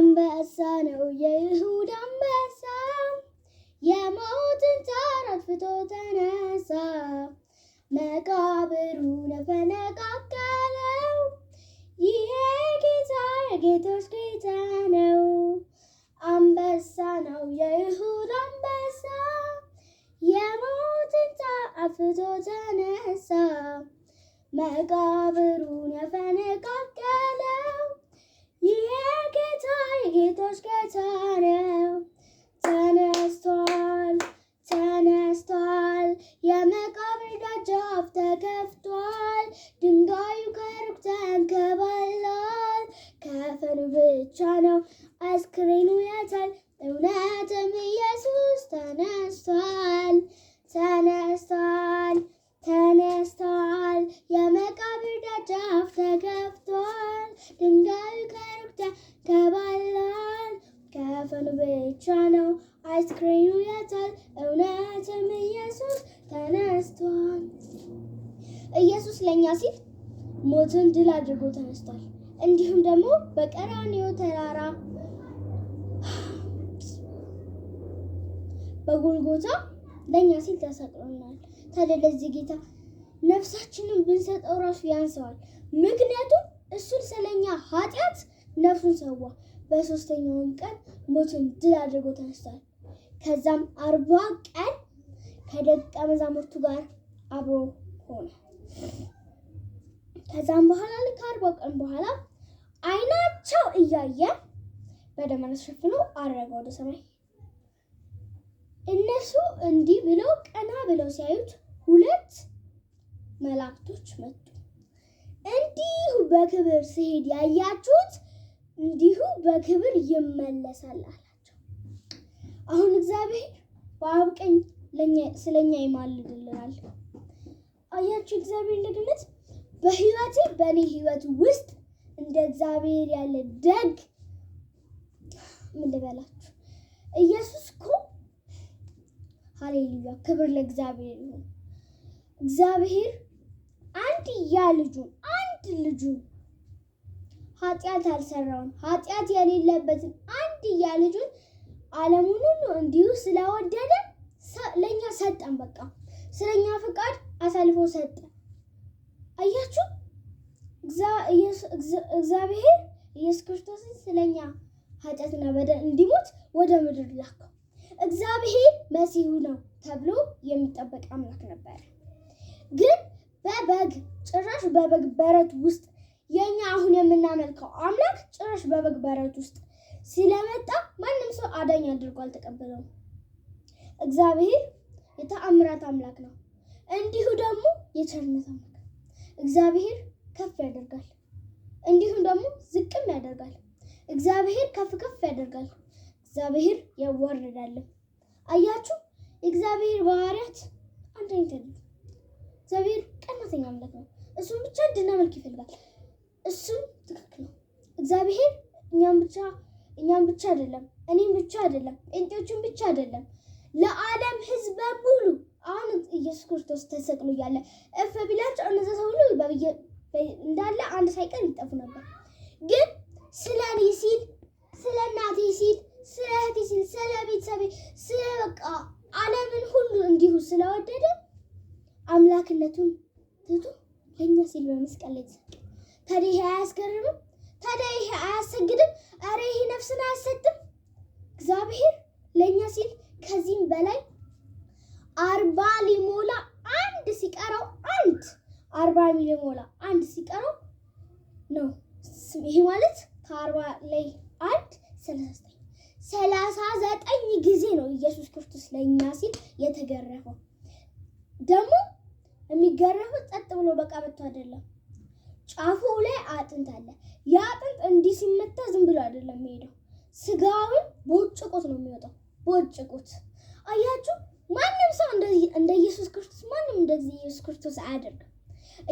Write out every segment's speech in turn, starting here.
አንበሳ ነው የይሁዳ አንበሳ፣ የሞትን ጣር አጥፍቶ ተነሳ። መቃብሩ ነፈነቃቀለው፣ ይሄ ጌታ የጌቶች ጌታ ነው። አንበሳ ነው የይሁዳ አንበሳ፣ የሞትን ጣር አጥፍቶ ተነሳ። መቃብሩ ነፈነቃቀለው ጌታ የጌቶች ጌታ ነው። ተነስቷል፣ ተነስቷል፣ የመቃብር ደጃፍ ተከፍቷል። ድንጋዩ ከሩቅ ተንከባሏል። ከፈኑ ብቻ ነው አስክሬኑ ያታል። እውነትም ኢየሱስ ተነስቷል፣ ተነስቷል፣ ተነስቷል፣ የመቃብር ደጃፍ ተከፍቷል። ድንጋዩ ከሩቅ ላፍታ ከባላል ከፈኑ ብቻ ነው አይስክሬኑ ያታል። እውነትም ኢየሱስ ተነስቷል። ኢየሱስ ለእኛ ሲል ሞትን ድል አድርጎ ተነስቷል። እንዲሁም ደግሞ በቀራንዮ ተራራ በጎልጎታ ለእኛ ሲል ተሰቅሎናል። ታዲያ ለዚህ ጌታ ነፍሳችንን ብንሰጠው ራሱ ያንሰዋል። ምክንያቱም እሱን ስለኛ ኃጢአት ነፍሱን ሰዋ። በሶስተኛውም ቀን ሞትን ድል አድርጎ ተነስቷል። ከዛም አርባ ቀን ከደቀ መዛሙርቱ ጋር አብሮ ሆነ። ከዛም በኋላ ልክ አርባ ቀን በኋላ አይናቸው እያየ በደመና ተሸፍኖ አረገ ወደ ሰማይ። እነሱ እንዲህ ብለው ቀና ብለው ሲያዩት ሁለት መላእክቶች መጡ። እንዲሁ በክብር ሲሄድ ያያችሁት እንዲሁ በክብር ይመለሳል አላቸው። አሁን እግዚአብሔር በአብ ቀኝ ስለኛ ይማልድልናል። አያችሁ፣ እግዚአብሔር ደግነት በህይወቴ በእኔ ህይወት ውስጥ እንደ እግዚአብሔር ያለ ደግ ምን ልበላችሁ? ኢየሱስ እኮ ሃሌሉያ፣ ክብር ለእግዚአብሔር ይሁን። እግዚአብሔር አንድያ ልጁን አንድ ልጁን ኃጢአት አልሰራውም። ኃጢአት የሌለበትን አንድያ ልጁን ዓለሙን ሁሉ እንዲሁ ስለወደደ ለእኛ ሰጠን። በቃ ስለኛ ፍቃድ አሳልፎ ሰጠ። አያችሁ፣ እግዚአብሔር ኢየሱስ ክርስቶስን ስለኛ ኃጢአትና በደል እንዲሞት ወደ ምድር ላከው። እግዚአብሔር መሲሁ ነው ተብሎ የሚጠበቅ አምላክ ነበር። ግን በበግ ጭራሽ በበግ በረት ውስጥ የኛ አሁን የምናመልከው አምላክ ጭራሽ በበግ በረት ውስጥ ስለመጣ ማንም ሰው አዳኝ አድርጎ አልተቀበለውም። እግዚአብሔር የተአምራት አምላክ ነው፣ እንዲሁ ደግሞ የቸርነት አምላክ እግዚአብሔር ከፍ ያደርጋል፣ እንዲሁም ደግሞ ዝቅም ያደርጋል። እግዚአብሔር ከፍ ከፍ ያደርጋል፣ እግዚአብሔር ያዋርዳልም። አያችሁ እግዚአብሔር ባህሪያት አንድ አይነት እግዚአብሔር ቀናተኛ አምላክ ነው። እሱን ብቻ እንድናመልክ ይፈልጋል። እሱም ትክክል ነው። እግዚአብሔር እኛም ብቻ እኛም ብቻ አይደለም፣ እኔም ብቻ አይደለም፣ ጴንጤዎችን ብቻ አይደለም፣ ለዓለም ህዝብ በሙሉ አሁን ኢየሱስ ክርስቶስ ተሰቅሎ እያለ እፍ ቢላቸው እነዛ ሰው ሁሉ እንዳለ አንድ ሳይቀር ይጠፉ ነበር። ግን ስለ እኔ ሲል ስለ እናቴ ሲል ስለ እህቴ ሲል ስለ ቤተሰቤ ስለ በቃ ዓለምን ሁሉ እንዲሁ ስለወደደ አምላክነቱን ትቶ ለእኛ ሲል በመስቀል ላይ አያስገርምም? ታዲያ ይሄ አያሰግድም? አረ ይሄ ነፍስን አያሰጥም? እግዚአብሔር ለእኛ ሲል ከዚህም በላይ አርባ ሊሞላ አንድ ሲቀረው አንድ አርባ ሊሞላ አንድ ሲቀረው ነው። ይሄ ማለት ከአርባ ላይ አንድ ሰላሳ ዘጠኝ ሰላሳ ዘጠኝ ጊዜ ነው ኢየሱስ ክርስቶስ ለእኛ ሲል የተገረፈው። ደግሞ የሚገረፈው ጸጥ ብሎ በቃ በቶ አይደለም። ጫፉ ላይ አጥንት አለ። ያ አጥንት እንዲህ ሲመታ ዝም ብሎ አይደለም የሚሄደው፣ ስጋውን ቦጭቁት ነው የሚወጣው። ቦጭቁት አያችሁ። ማንም ሰው እንደ ኢየሱስ ክርስቶስ ማንም እንደዚህ ኢየሱስ ክርስቶስ አያደርግም።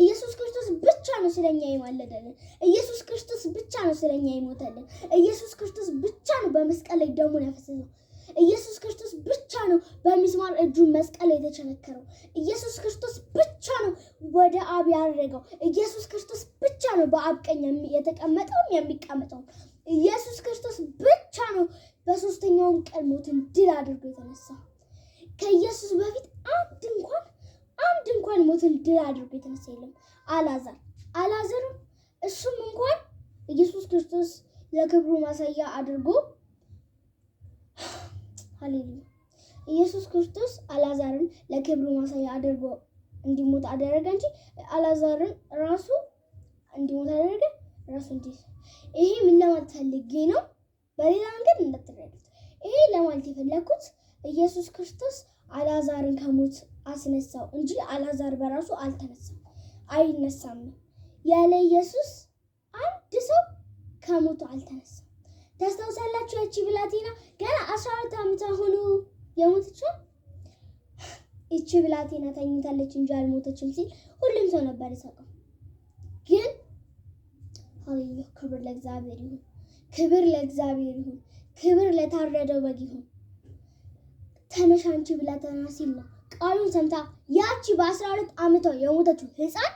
ኢየሱስ ክርስቶስ ብቻ ነው ስለኛ ይማለደልን። ኢየሱስ ክርስቶስ ብቻ ነው ስለኛ ይሞተልን። ኢየሱስ ክርስቶስ ብቻ ነው በመስቀል ላይ ደሙን ያፈሰሰው። ኢየሱስ ክርስቶስ ብቻ ነው በሚስማር እጁ መስቀል የተቸነከረው። ኢየሱስ ክርስቶስ ብቻ ነው ወደ አብ ያደረገው። ኢየሱስ ክርስቶስ ብቻ ነው በአብ ቀኝ የተቀመጠውም የሚቀመጠውም። ኢየሱስ ክርስቶስ ብቻ ነው በሶስተኛውም ቀን ሞትን ድል አድርጎ የተነሳ። ከኢየሱስ በፊት አንድ እንኳን አንድ እንኳን ሞትን ድል አድርጎ የተነሳ የለም። አላዛር አላዛርም እሱም እንኳን ኢየሱስ ክርስቶስ ለክብሩ ማሳያ አድርጎ ሃሌሉያ። ኢየሱስ ክርስቶስ አላዛርን ለክብሩ ማሳያ አድርጎ እንዲሞት አደረገ እንጂ አላዛርን ራሱ እንዲሞት አደረገ ራሱ እንዲ። ይሄ ምን ለማለት ፈልጌ ነው? በሌላ መንገድ እንዳትረዱት። ይሄ ለማለት የፈለኩት ኢየሱስ ክርስቶስ አላዛርን ከሞት አስነሳው እንጂ አላዛር በራሱ አልተነሳም፣ አይነሳም። ያለ ኢየሱስ አንድ ሰው ከሞቱ አልተነሳም። ታውቃላችሁ? እቺ ብላቴና ገና አስራ ሁለት ዓመቷ የሞተችው እቺ ብላቴና ተኝታለች እንጂ አልሞተችም ሲል ሁሉም ሰው ነበር የሳቀው። ግን አብዩ ክብር ለእግዚአብሔር ይሁን፣ ክብር ለእግዚአብሔር ይሁን፣ ክብር ለታረደው በግ ይሁን። ተነሽ አንቺ ብላቴና ሲል ነው ቃሉን ሰምታ ያቺ በአስራ ሁለት ዓመቷ የሞተችው ህፃን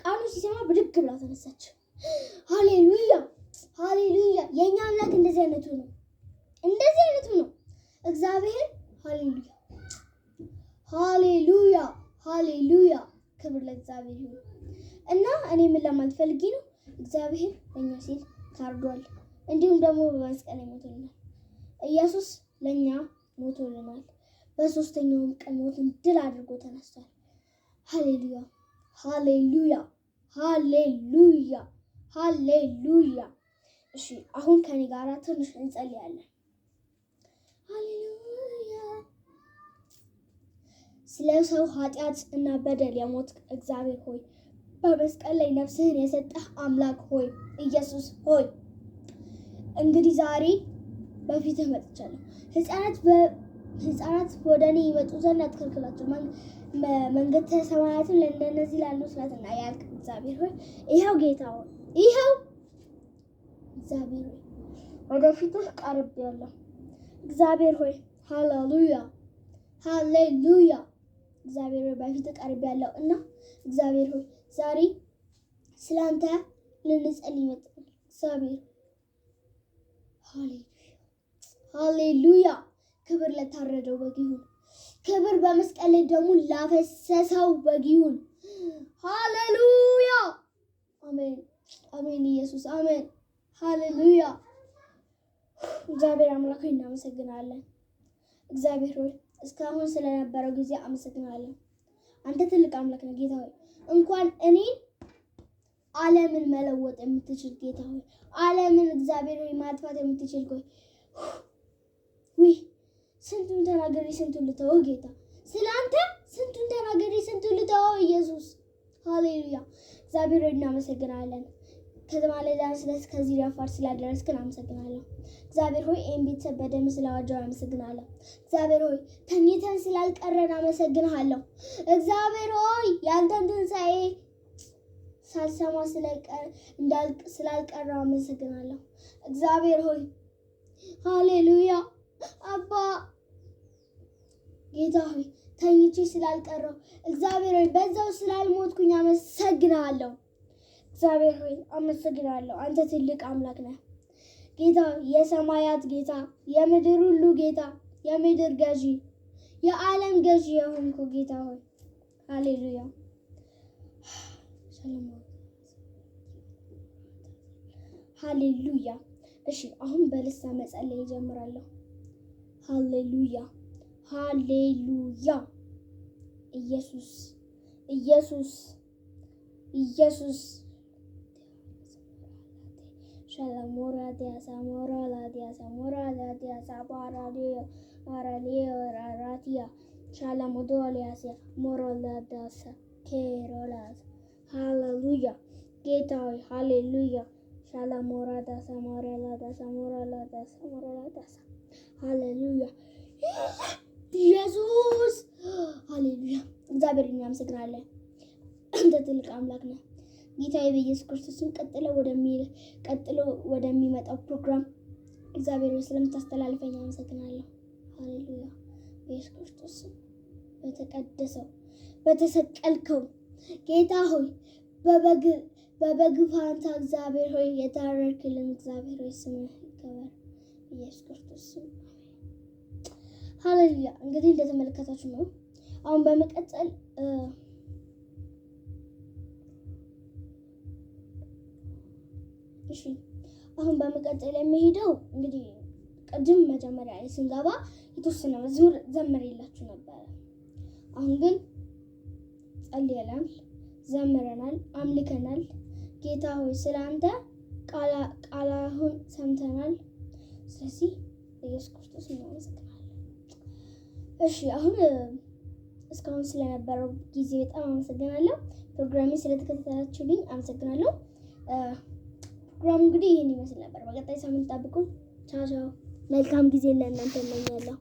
ቃሉን ሲሰማ ብድግ ብላ ተነሳች። ሃሌሉያ ሃሌሉያ። የኛ አምላክ እንደዚህ አይነቱ ነው፣ እንደዚህ አይነቱ ነው እግዚአብሔር። ሃሌሉያ፣ ሃሌሉያ፣ ሃሌሉያ። ክብር ለእግዚአብሔር ይሁን እና እኔ ምን ለማለት ፈልጌ ነው፣ እግዚአብሔር ለእኛ ሲል ታርዷል፣ እንዲሁም ደግሞ በመስቀል ሞቶልናል። ኢየሱስ ለእኛ ሞቶልናል። በሶስተኛውም ቀን ሞትን ድል አድርጎ ተነስቷል። ሃሌሉያ ሃሌሉያ ሃሌሉያ ሃሌሉያ እሺ አሁን ከኔ ጋር ትንሽ እንጸልያለን። ሃሌሉያ። ስለ ሰው ኃጢአት እና በደል የሞት እግዚአብሔር ሆይ በመስቀል ላይ ነፍስህን የሰጠህ አምላክ ሆይ ኢየሱስ ሆይ እንግዲህ ዛሬ በፊትህ መጥቻለሁ። ህፃናት ህፃናት ወደ እኔ ይመጡ ዘንድ አትከልክላቸው፣ መንገድ ሰማያትን ለእነዚህ ላሉ ስላትና እና እግዚአብሔር ሆይ ይኸው ጌታ ሆይ ይኸው እግዚአብሔር ሆይ ወደ ቀርብ ቀርቤያለሁ። እግዚአብሔር ሆይ ሃሌሉያ ሃሌሉያ እግዚአብሔር ሆይ በፊትህ ቀርቤያለሁ እና እግዚአብሔር ሆይ ዛሬ ስላንተ ልንጸልይ መጣን። እግዚአብሔር ሃሌሉያ ክብር ለታረደው በግ ይሁን። ክብር በመስቀል ላይ ደግሞ ላፈሰሰው በግ ይሁን። ሃሌሉያ አሜን አሜን ኢየሱስ አሜን። ሃሌሉያ! እግዚአብሔር አምላክ እናመሰግናለን። እግዚአብሔር ሆይ እስካሁን ስለነበረው ጊዜ አመሰግናለን። አንተ ትልቅ አምላክ ነህ ጌታ ሆይ እንኳን እኔን ዓለምን መለወጥ የምትችል ጌታ ሆይ ዓለምን እግዚአብሔር ሆይ ማጥፋት የምትችል ሆይ ውይ ስንቱን ተናገሬ ስንቱን ልተወ ጌታ ስለአንተ ስንቱን ተናገሬ ስንቱን ልተወ ኢየሱስ ሃሌሉያ! እግዚአብሔር ሆይ እናመሰግናለን። ከተማ ላይ ዳንስለስ ከዚህ ዳፋር ስላደረስክን አመሰግናለሁ። እግዚአብሔር ሆይ ይህን ቤተሰብ በደም ስላዋጃው አመሰግናለሁ። እግዚአብሔር ሆይ ተኝተን ስላልቀረን አመሰግናለሁ። እግዚአብሔር ሆይ ያንተን ትንሣኤ ሳልሰማ ስላልቀረው አመሰግናለሁ። እግዚአብሔር ሆይ ሃሌሉያ። አባ ጌታ ሆይ ተኝቼ ስላልቀረው፣ እግዚአብሔር ሆይ በዛው ስላልሞትኩኝ አመሰግናለሁ። እግዚአብሔር ሆይ አመሰግናለሁ። አንተ ትልቅ አምላክ ነህ። ጌታ የሰማያት ጌታ፣ የምድር ሁሉ ጌታ፣ የምድር ገዢ፣ የዓለም ገዢ የሆንኩ ጌታ ሆይ ሃሌሉያ። ሃሌሉያ። እሺ አሁን በልሳ መጸለይ እጀምራለሁ። ሃሌሉያ ሃሌሉያ። ኢየሱስ ኢየሱስ ኢየሱስ Shala mora desa mora la desa mora la desa para leo para leo ratia. Shala modolia se mora la desa kerolas. Hallelujah. Getai hallelujah. Shala mora desa mora la desa mora la desa mora la desa. Hallelujah. ኢየሱስ ሃሌሉያ። እግዚአብሔር እናመሰግናለን። አንተ ትልቅ አምላክ ነህ። ጌታዬ በኢየሱስ ክርስቶስን ቀጥለው ቀጥሎ ወደሚመጣው ፕሮግራም እግዚአብሔር ስለምታስተላልፈኝ አመሰግናለሁ። ሃሌሉያ። በኢየሱስ ክርስቶስ በተቀደሰው በተሰቀልከው ጌታ ሆይ በበግ በበግ ፋንታ እግዚአብሔር ሆይ የታረድክልን እግዚአብሔር ሆይ ስምህ ይከበር። ኢየሱስ ክርስቶስ ሃሌሉያ። እንግዲህ እንደተመለከታችሁ ነው። አሁን በመቀጠል እሺ አሁን በመቀጠል የሚሄደው እንግዲህ ቅድም መጀመሪያ ላይ ስንገባ የተወሰነ መዝሙር ዘምሬላችሁ ነበረ። አሁን ግን ጸልየናል፣ ዘምረናል፣ አምልከናል። ጌታ ሆይ ስለ አንተ ቃላሁን ሰምተናል። ስለዚህ ኢየሱስ ክርስቶስ እናመሰግናለን። እሺ አሁን እስካሁን ስለነበረው ጊዜ በጣም አመሰግናለሁ። ፕሮግራሜ ስለተከታተላችሁልኝ አመሰግናለሁ። ፕሮግራም እንግዲህ ይህን ይመስል ነበር። በቀጣይ ሳምንት ጠብቁን። ቻው ቻው። መልካም ጊዜ ለእናንተ እመኛለሁ።